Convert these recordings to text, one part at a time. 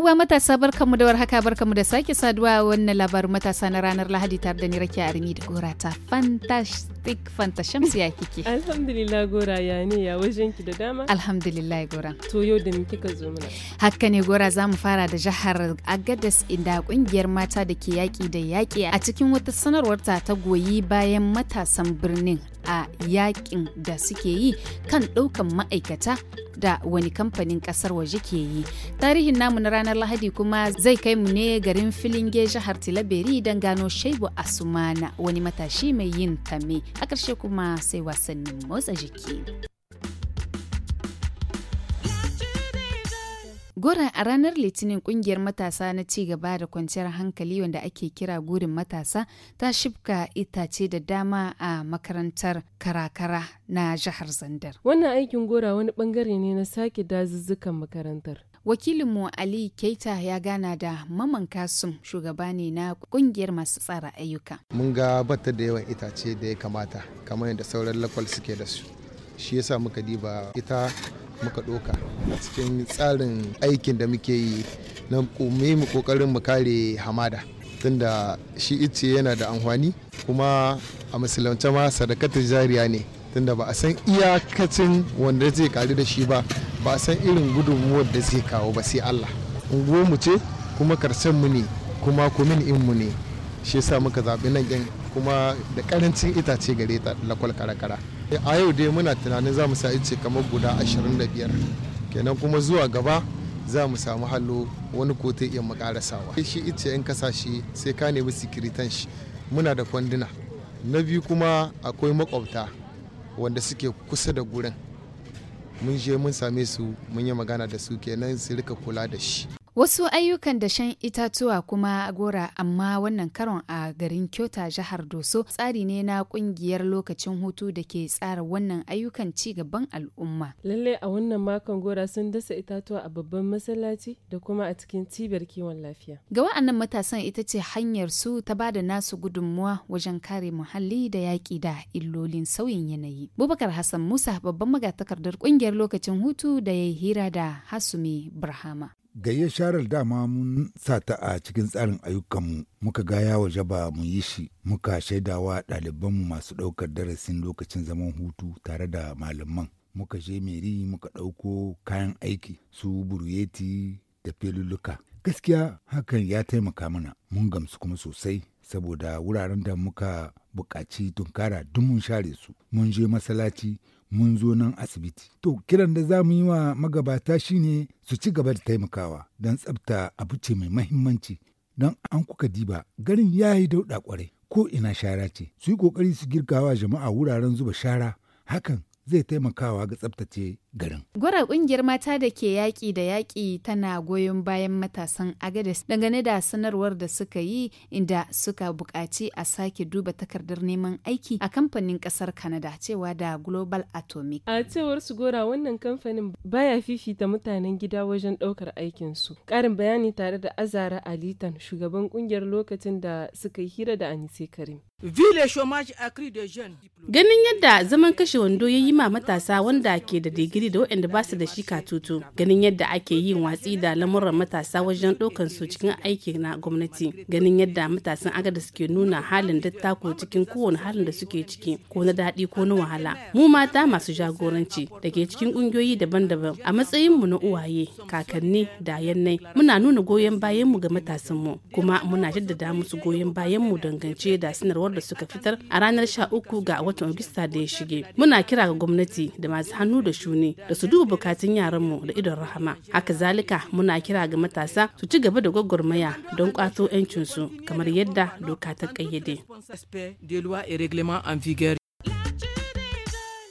uwa matasa barkanmu da warhaka barkanmu da sake saduwa a wannan labarin matasa na ranar Lahadi tare da ni Rakiya Arimi da Gora ta fantastic fantashamsu ya kike. Alhamdulillah Gora ya ne ya wajen ki da dama. Alhamdulillah Gora. To yau da kika zo mana. Haka ne Gora za mu fara da jihar Agadez inda kungiyar mata da ke yaƙi da yaƙi a cikin wata sanarwar ta ta goyi bayan matasan birnin a yakin da suke yi kan ɗaukan ma'aikata da wani kamfanin ƙasar waje ke yi tarihin namu na ranar lahadi kuma zai kai mu ne garin filinge jihar tilaberi don gano shaibu asumana wani matashi mai yin tame a ƙarshe kuma sai wasannin motsa jiki Gora, a ranar Litinin kungiyar matasa na ci gaba da kwanciyar hankali wanda ake kira gurin matasa ta shifka itace da dama a makarantar karakara na jihar Zandar. Wannan aikin gora wani bangare ne na sake dazuzzukan makarantar. Wakilinmu Ali Keita ya gana da Maman Kasum shugaba ne na kungiyar masu tsara ayyuka. Mun ga bata da yawan itace da ya kamata kamar yadda sauran lakwal suke da su. Shi yasa muka diba ita muka ɗoka cikin tsarin aikin da muke yi na mu kokarin mu kare hamada tunda shi ice yana da amfani kuma a musulunce ma sadakatar jariya ne tunda ba a san iyakacin wanda zai karu da shi ba ba a san irin gudunmuwar da zai kawo ba sai Allah mu ce kuma karshen mu ne kuma kumin in mu ne shi yasa muka zaɓi nan kuma da karancin itace gare ta lakwal kara-kara Eh, a yau dai muna tunanin za mu sa ice kamar guda 25 kenan kuma zuwa gaba za mu samu hallo wani ko ta iya makarasawa shi ice in kasa shi sai ka nemi sikiritan shi muna da kwanduna na biyu kuma akwai makwabta wanda suke kusa da gurin mun je mun same su mun yi magana da su kenan su rika kula da shi Wasu ayyukan da shan itatuwa kuma gora amma wannan karon a garin Kyoto, jihar Doso tsari ne na kungiyar lokacin hutu da ke tsara wannan ayyukan ci gaban al'umma. Lallai a wannan makon gora sun dasa itatuwa a babban masallaci da kuma a cikin cibiyar kiwon lafiya. Ga wa'annan matasan ita ce hanyar su ta ba da nasu gudunmuwa wajen kare muhalli da yaƙi da illolin sauyin yanayi. Bubakar Hassan Musa babban magatakardar kungiyar lokacin hutu da ya hira da Hasumi Burhama. Gayya sharar dama mun sa ta a cikin tsarin ayyukanmu muka ga ya waje ba mu yi shi muka shaidawa ɗalibanmu masu ɗaukar darasin lokacin zaman hutu tare da malaman. Muka je meri muka ɗauko kayan aiki su buruyeti da feluluka. Gaskiya hakan ya taimaka mana mun gamsu kuma sosai saboda wuraren da muka buƙaci tunkara duk mun share su. Mun je masalaci mun zo nan asibiti. To kiran da za mu yi wa magabata shi ne su ci gaba da taimakawa don tsabta abu ce mai mahimmanci don an kuka diba garin ya yi dauɗa ƙwarai ko ina shara ce su yi ƙoƙari su girkawa jama'a wuraren zuba shara hakan zai taimakawa ga tsabtace garin. Gwara kungiyar mata da ke yaƙi da yaƙi tana goyon bayan matasan Agadez dangane da sanarwar da suka yi inda suka buƙaci a sake duba takardar neman aiki a kamfanin ƙasar kanada cewa da Global Atomic. A cewar su gora wannan kamfanin baya fifita mutanen gida wajen ɗaukar aikin su. Ƙarin bayani tare da Azara Alitan shugaban kungiyar lokacin da suka yi hira da Anise Karim. Ganin yadda zaman kashe wando ya yi ma matasa wanda ke da digiri digiri da waɗanda ba su da shi katutu ganin yadda ake yin watsi da lamuran matasa wajen ɗaukan su cikin aiki na gwamnati ganin yadda matasan agada suke nuna halin dattako cikin kowane halin da suke ciki ko na daɗi ko na wahala mu mata masu jagoranci da ke cikin ƙungiyoyi daban-daban a matsayin mu na uwaye kakanni da yannai muna nuna goyon bayanmu ga matasanmu kuma muna jaddada musu goyon bayanmu dangance da sanarwar da suka fitar a ranar 13 ga watan Agusta da ya shige muna kira ga gwamnati da masu hannu da shuni da su duba bukatun yaranmu da idon rahama haka zalika muna kira ga matasa su ci gaba da gwagwarmaya don kwato 'yancinsu kamar yadda doka ta kayyade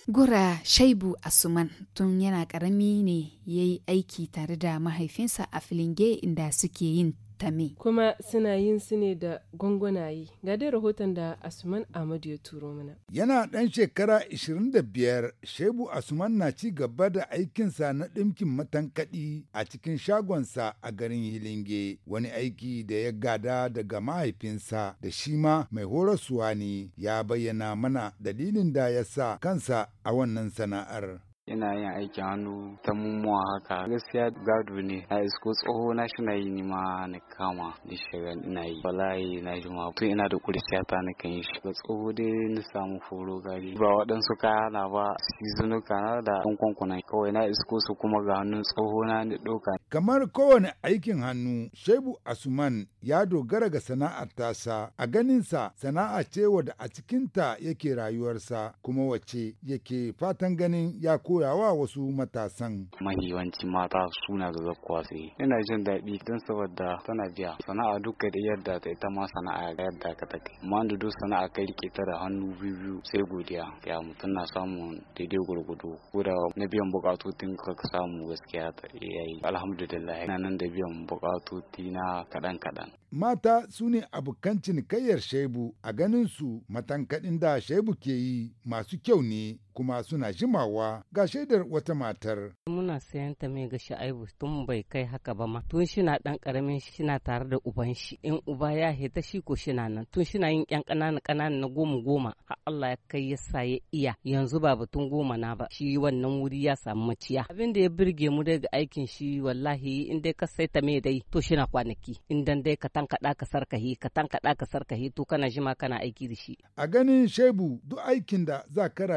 Gura Shaibu Asuman tun yana ƙarami ne ya yi aiki tare da mahaifinsa a Filinge inda suke yin tame. Kuma suna yin su ne da gwangwanaye. Ga dai rahoton da Asuman Ahmadu ya turo mana. Yana ɗan shekara 25, Shebu Asuman na ci gaba da aikinsa na ɗimkin matankaɗi a cikin shagonsa a garin Hilinge, wani aiki da ya gada daga mahaifinsa da shi ma mai horaswa ne ya bayyana mana dalilin da ya sa kansa a wannan sana'ar. ina yin aikin hannu ta mummuwa haka gaskiya gado ne na isko tsoho na shi na yi ni ma na kama ni shiga ina yi wallahi na ji ma tun ina da kurciya ta na kan yi shi da tsoho dai na samu foro gari ba waɗansu kaya na ba sizunuka na da kwankwankwana kawai na isko su kuma ga hannun tsoho na ni ɗauka. kamar kowane aikin hannu shebu asuman ya dogara ga sana'ar tasa a ganinsa sana'a ce wadda a cikinta yake rayuwarsa kuma wace yake fatan ganin ya koya wa wasu matasan. Mahiwanci mata suna da zakkuwa Ina jin daɗi don saboda tana biya. Sana'a duka da yadda ta ita ma sana'a yadda ka take. Amma da duk sana'a kai rike ta da hannu biyu sai godiya. Ya mutum na samun daidai gurgudu. Ko da na biyan tun ka samu gaskiya ta yayi. Alhamdulillah ina nan da biyan bukatuti na kaɗan kaɗan. Mata su ne abokan cinikayyar shaibu a ganin su matankaɗin da shaibu ke yi masu kyau ne kuma suna jimawa ga shaidar wata matar. Muna sayan ta mai ga sha'aibu tun bai kai haka ba ma. Tun ɗan ƙaramin karamin shina tare da uban shi. In uba ya heta shi ko shina nan. Tun shina yin ƴan ƙananan ƙananan na goma goma. Ha Allah ya kai ya sa ya iya. Yanzu ba batun goma na ba. Shi wannan wuri ya samu maciya. Abin da ya birge mu daga aikin shi wallahi in dai ka sai ta mai dai to shina kwanaki. In dan dai ka tankaɗa ka sarkahi ka tankaɗa ka sarkahi to kana jima kana aiki da shi. A ganin shaibu duk aikin da za ka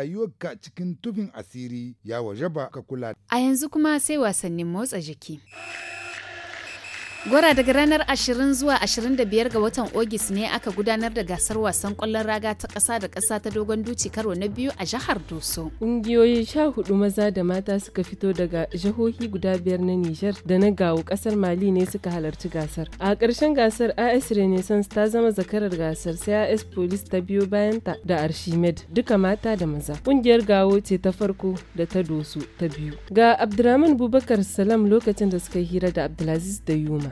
a cikin tufin asiri ya wajaba ka kula. A yanzu kuma sai wasannin motsa jiki. Gwara daga ranar 20 zuwa 25 ga watan Ogis ne aka gudanar da gasar wasan kwallon raga ta ƙasa da kasa ta dogon duci karo na biyu a jihar Doso. Ƙungiyoyi sha hudu maza da mata suka fito daga jihohi guda biyar na Nijar da na gawo kasar Mali ne suka halarci gasar. A karshen gasar AS Renaissance ta zama zakarar gasar sai AS Police ta biyo bayan ta da Archimed duka mata da maza. Ƙungiyar gawo ce ta farko da ta Doso ta biyu. Ga abdulrahman Bubakar Salam lokacin da suka hira da Abdulaziz da Yuma.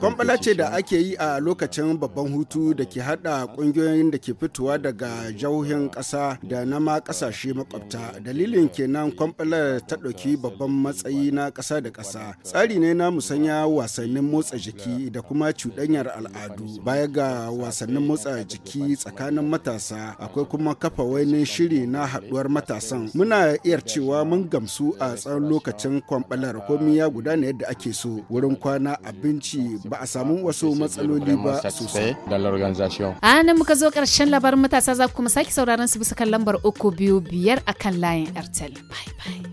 Kwamfala ce da ake yi a lokacin babban hutu da ke hada kungiyoyin da ke fitowa daga jauhin kasa da na ma kasashe makwabta. Dalilin kenan kwamfalar ta ɗauki babban matsayi na kasa da kasa. Tsari ne na musanya wasannin motsa jiki da kuma cuɗanyar al'adu. Baya ga wasannin motsa jiki tsakanin matasa akwai kuma kafa wani shiri na haɗuwar matasan. Muna iya cewa mun gamsu a tsawon lokacin kwamfalar komi ya gudana yadda ake so wurin kwana na abinci ba a samu wasu matsaloli ba sosai. A nan muka zo ƙarshen labarin matasa za ku kuma sake sauraron su bisa kan lambar uku biyu biyar akan layin Airtel. Bye bye.